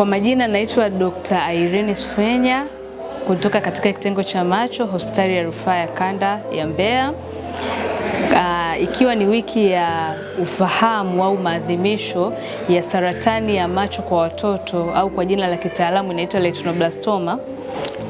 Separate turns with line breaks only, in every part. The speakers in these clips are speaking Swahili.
Kwa majina naitwa Dr. Irene Swenya kutoka katika kitengo cha macho hospitali ya rufaa ya kanda ya Mbeya. Uh, ikiwa ni wiki ya ufahamu au maadhimisho ya saratani ya macho kwa watoto au kwa jina la kitaalamu inaitwa retinoblastoma,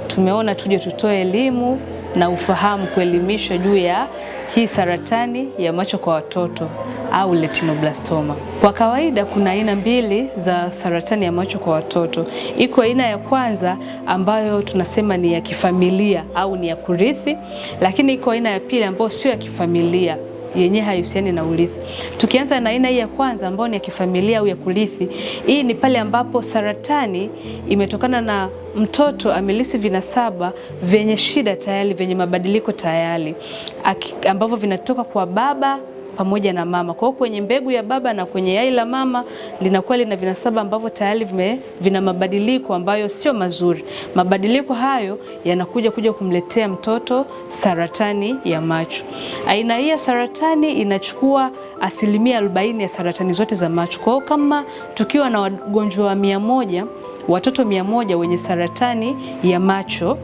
tumeona tuje tutoe elimu na ufahamu, kuelimisha juu ya hii saratani ya macho kwa watoto au retinoblastoma. Kwa kawaida kuna aina mbili za saratani ya macho kwa watoto. Iko aina ya kwanza ambayo tunasema ni ya kifamilia au ni ya kurithi, lakini iko aina ya pili ambayo sio ya kifamilia yenye haihusiani na urithi. Tukianza na aina hii ya kwanza ambayo ni ya kifamilia au ya kurithi, hii ni pale ambapo saratani imetokana na mtoto amelisi vinasaba vyenye shida tayari, vyenye mabadiliko tayari, ambavyo vinatoka kwa baba pamoja na mama. Kwa hiyo kwenye mbegu ya baba na kwenye yai la mama linakuwa lina vinasaba ambavyo tayari vina mabadiliko ambayo sio mazuri. Mabadiliko hayo yanakuja kuja kumletea mtoto saratani ya macho. Aina hii ya saratani inachukua asilimia 40 ya saratani zote za macho. Kwa hiyo kama tukiwa na wagonjwa wa mia moja watoto mia moja wenye saratani ya macho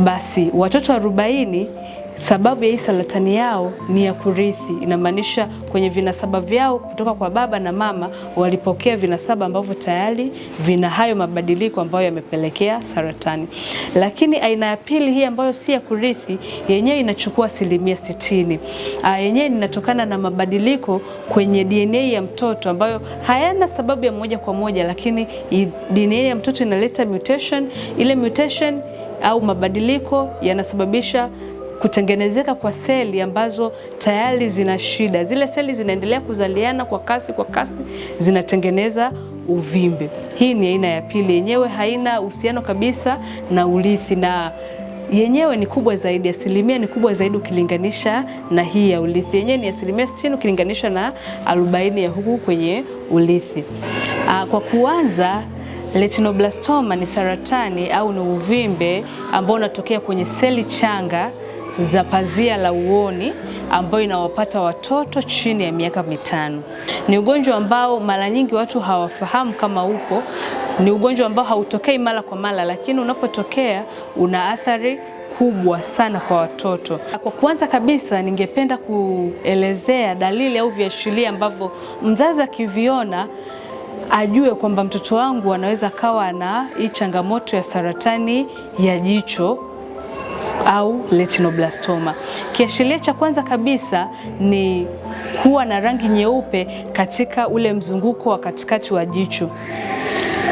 basi watoto arobaini sababu ya hii saratani yao ni ya kurithi. Inamaanisha kwenye vinasaba vyao kutoka kwa baba na mama walipokea vinasaba ambavyo tayari vina hayo mabadiliko ambayo yamepelekea saratani. Lakini aina ya pili hii ambayo si ya kurithi, yenyewe inachukua asilimia sitini. Ah, yenyewe inatokana na mabadiliko kwenye DNA ya mtoto ambayo hayana sababu ya moja kwa moja, lakini DNA ya mtoto inaleta mutation. Ile mutation au mabadiliko yanasababisha kutengenezeka kwa seli ambazo tayari zina shida. Zile seli zinaendelea kuzaliana kwa kasi kwa kasi, zinatengeneza uvimbe. Hii ni aina ya pili, yenyewe haina uhusiano kabisa na urithi na yenyewe ni kubwa zaidi, asilimia ni kubwa zaidi ukilinganisha na hii ya urithi. Yenyewe ni asilimia 60 ukilinganisha na 40 ya huku kwenye urithi. Ah, kwa kuanza, retinoblastoma ni saratani au ni uvimbe ambao unatokea kwenye seli changa za pazia la uoni ambayo inawapata watoto chini ya miaka mitano. Ni ugonjwa ambao mara nyingi watu hawafahamu kama upo. Ni ugonjwa ambao hautokei mara kwa mara, lakini unapotokea una athari kubwa sana kwa watoto. Kwa kwanza kabisa, ningependa kuelezea dalili au viashiria ambavyo mzazi akiviona ajue kwamba mtoto wangu anaweza kawa na hii changamoto ya saratani ya jicho au retinoblastoma. Kiashiria cha kwanza kabisa ni kuwa na rangi nyeupe katika ule mzunguko wa katikati wa jicho.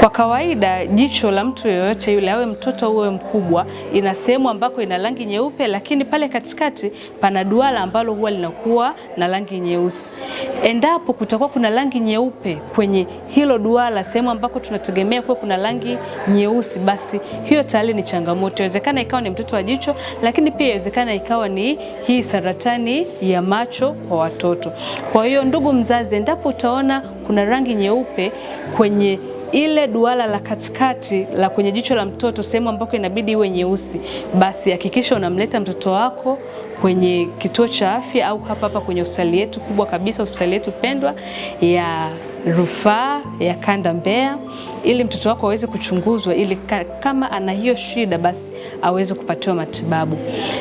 Kwa kawaida jicho la mtu yoyote yule, awe mtoto uwe mkubwa, ina sehemu ambako ina rangi nyeupe, lakini pale katikati pana duara ambalo huwa linakuwa na rangi nyeusi. Endapo kutakuwa kuna rangi nyeupe kwenye hilo duara, sehemu ambako tunategemea kuwa kuna rangi nyeusi, basi hiyo tayari ni changamoto. Inawezekana ikawa ni mtoto wa jicho, lakini pia inawezekana ikawa ni hii saratani ya macho kwa watoto. Kwa hiyo ndugu mzazi, endapo utaona kuna rangi nyeupe kwenye ile duara la katikati la kwenye jicho la mtoto, sehemu ambako inabidi iwe nyeusi, basi hakikisha unamleta mtoto wako kwenye kituo cha afya au hapa hapa kwenye hospitali yetu kubwa kabisa, hospitali yetu pendwa ya rufaa ya kanda Mbeya, ili mtoto wako aweze kuchunguzwa, ili kama ana hiyo shida basi aweze kupatiwa matibabu.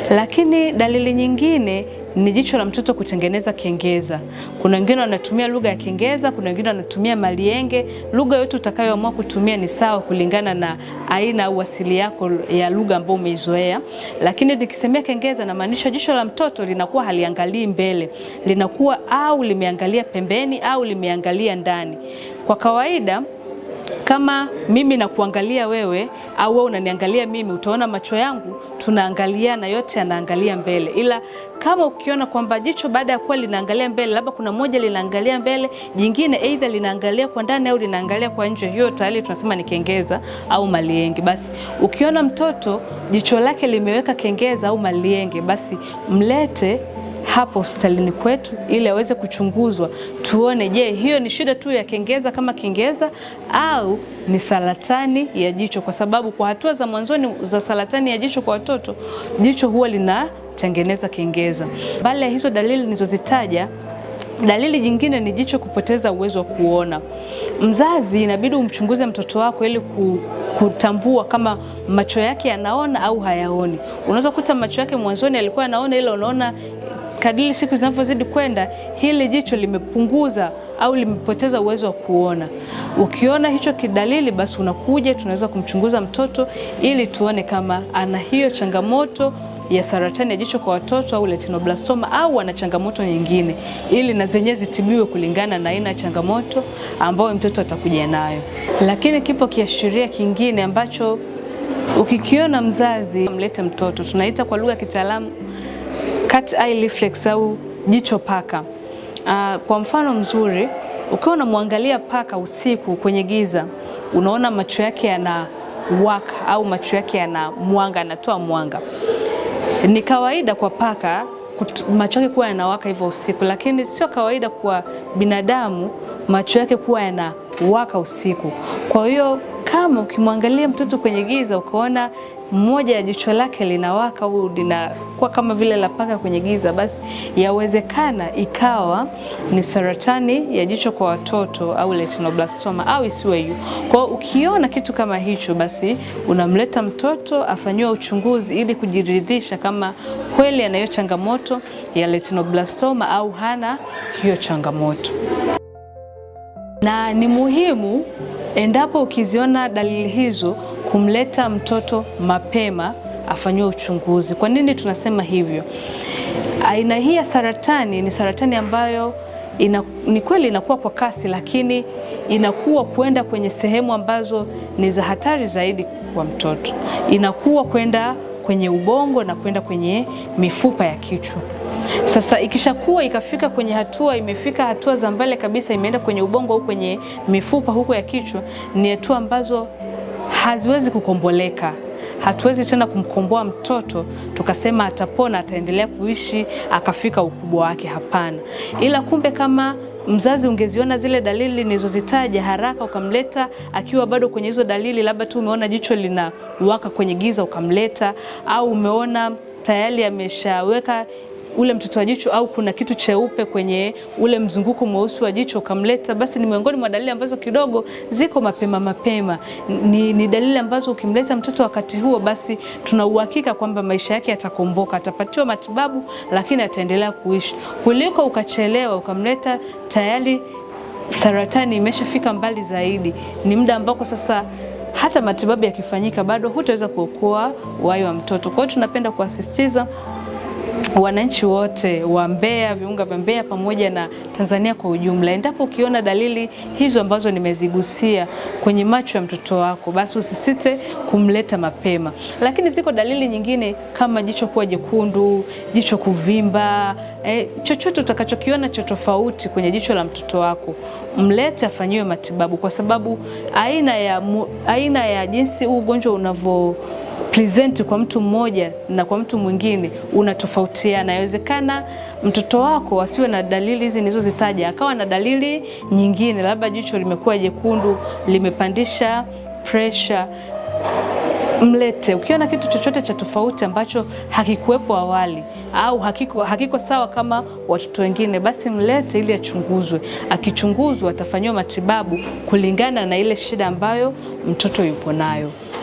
Lakini dalili nyingine ni jicho la mtoto kutengeneza kengeza. Kuna wengine wanatumia lugha ya kengeza, kuna wengine wanatumia malienge. Lugha yote utakayoamua kutumia ni sawa kulingana na aina au asili yako ya lugha ambayo umeizoea. Lakini nikisemea kengeza, namaanisha jicho la mtoto linakuwa haliangalii mbele, linakuwa au limeangalia pembeni au limeangalia ndani. Kwa kawaida kama mimi nakuangalia wewe au wewe unaniangalia mimi, utaona macho yangu tunaangalia na yote yanaangalia mbele. Ila kama ukiona kwamba jicho baada ya kuwa linaangalia mbele, labda kuna moja linaangalia mbele, jingine aidha linaangalia kwa ndani au linaangalia kwa nje, hiyo tayari tunasema ni kengeza au malienge. Basi ukiona mtoto jicho lake limeweka kengeza au malienge, basi mlete hapo hospitalini kwetu ili aweze kuchunguzwa, tuone, je, hiyo ni shida tu ya kengeza kama kengeza au ni saratani ya jicho, kwa sababu kwa hatua za mwanzoni za saratani ya jicho kwa watoto, jicho huwa linatengeneza kengeza. Mbali ya hizo dalili nilizozitaja Dalili nyingine ni jicho kupoteza uwezo wa kuona. Mzazi inabidi umchunguze mtoto wako ili kutambua kama macho yake yanaona au hayaoni. Unaweza kuta macho yake mwanzoni alikuwa anaona, ila unaona kadiri siku zinavyozidi kwenda, hili jicho limepunguza au limepoteza uwezo wa kuona. Ukiona hicho kidalili, basi unakuja, tunaweza kumchunguza mtoto ili tuone kama ana hiyo changamoto ya saratani ya jicho kwa watoto au retinoblastoma au ana changamoto nyingine, ili na zenyewe zitibiwe kulingana na aina ya changamoto ambayo mtoto atakuja nayo. Lakini kipo kiashiria kingine ambacho ukikiona mzazi, mlete mtoto, tunaita kwa lugha ya kitaalamu cut eye reflex au jicho paka. Uh, kwa mfano mzuri, ukiwa unamwangalia paka usiku kwenye giza, unaona macho yake yana yanawaka au macho yake yana mwanga, anatoa mwanga. Ni kawaida kwa paka macho yake kuwa yanawaka hivyo usiku, lakini sio kawaida kwa binadamu macho yake kuwa yanawaka usiku. Kwa hiyo kama ukimwangalia mtoto kwenye giza ukaona mmoja ya jicho lake linawaka au linakuwa kama vile la paka kwenye giza, basi yawezekana ikawa ni saratani ya jicho kwa watoto au retinoblastoma au isiwe hiyo. Kwa ukiona kitu kama hicho, basi unamleta mtoto afanyiwe uchunguzi ili kujiridhisha kama kweli anayo changamoto ya retinoblastoma au hana hiyo changamoto na ni muhimu endapo ukiziona dalili hizo kumleta mtoto mapema afanyiwe uchunguzi. Kwa nini tunasema hivyo? Aina hii ya saratani ni saratani ambayo ina, ni kweli inakuwa kwa kasi, lakini inakuwa kwenda kwenye sehemu ambazo ni za hatari zaidi kwa mtoto, inakuwa kwenda kwenye ubongo na kwenda kwenye mifupa ya kichwa. Sasa ikishakuwa ikafika kwenye hatua, imefika hatua za mbele kabisa, imeenda kwenye ubongo au kwenye mifupa huko ya kichwa, ni hatua ambazo haziwezi kukomboleka. Hatuwezi tena kumkomboa mtoto tukasema atapona, ataendelea kuishi akafika ukubwa wake. Hapana, ila kumbe kama mzazi ungeziona zile dalili nilizozitaja haraka ukamleta akiwa bado kwenye hizo dalili, labda tu umeona jicho linawaka kwenye giza ukamleta, au umeona tayari ameshaweka ule mtoto wa jicho au kuna kitu cheupe kwenye ule mzunguko mweusi wa jicho ukamleta, basi ni miongoni mwa dalili ambazo kidogo ziko mapema mapema. Ni, ni dalili ambazo ukimleta mtoto wakati huo, basi tuna uhakika kwamba maisha yake yatakomboka, atapatiwa matibabu, lakini ataendelea kuishi kuliko ukachelewa ukamleta tayari saratani imeshafika mbali zaidi. Ni muda ambako sasa hata matibabu yakifanyika bado hutaweza kuokoa uhai wa mtoto. Kwa hiyo tunapenda kuasisitiza wananchi wote wa Mbeya, viunga vya Mbeya pamoja na Tanzania kwa ujumla, endapo ukiona dalili hizo ambazo nimezigusia kwenye macho ya mtoto wako, basi usisite kumleta mapema. Lakini ziko dalili nyingine kama jicho kuwa jekundu, jicho kuvimba, eh, chochote utakachokiona cha tofauti kwenye jicho la mtoto wako mlete afanyiwe matibabu, kwa sababu aina ya, aina ya jinsi huu ugonjwa unavyo present kwa mtu mmoja na kwa mtu mwingine unatofautiana. Inawezekana mtoto wako asiwe na dalili hizi nilizozitaja, akawa na dalili nyingine, labda jicho limekuwa jekundu, limepandisha pressure mlete. Ukiona kitu chochote cha tofauti ambacho hakikuwepo awali au hakiko, hakiko sawa kama watoto wengine, basi mlete ili achunguzwe. Akichunguzwa atafanyiwa matibabu kulingana na ile shida ambayo mtoto yupo nayo.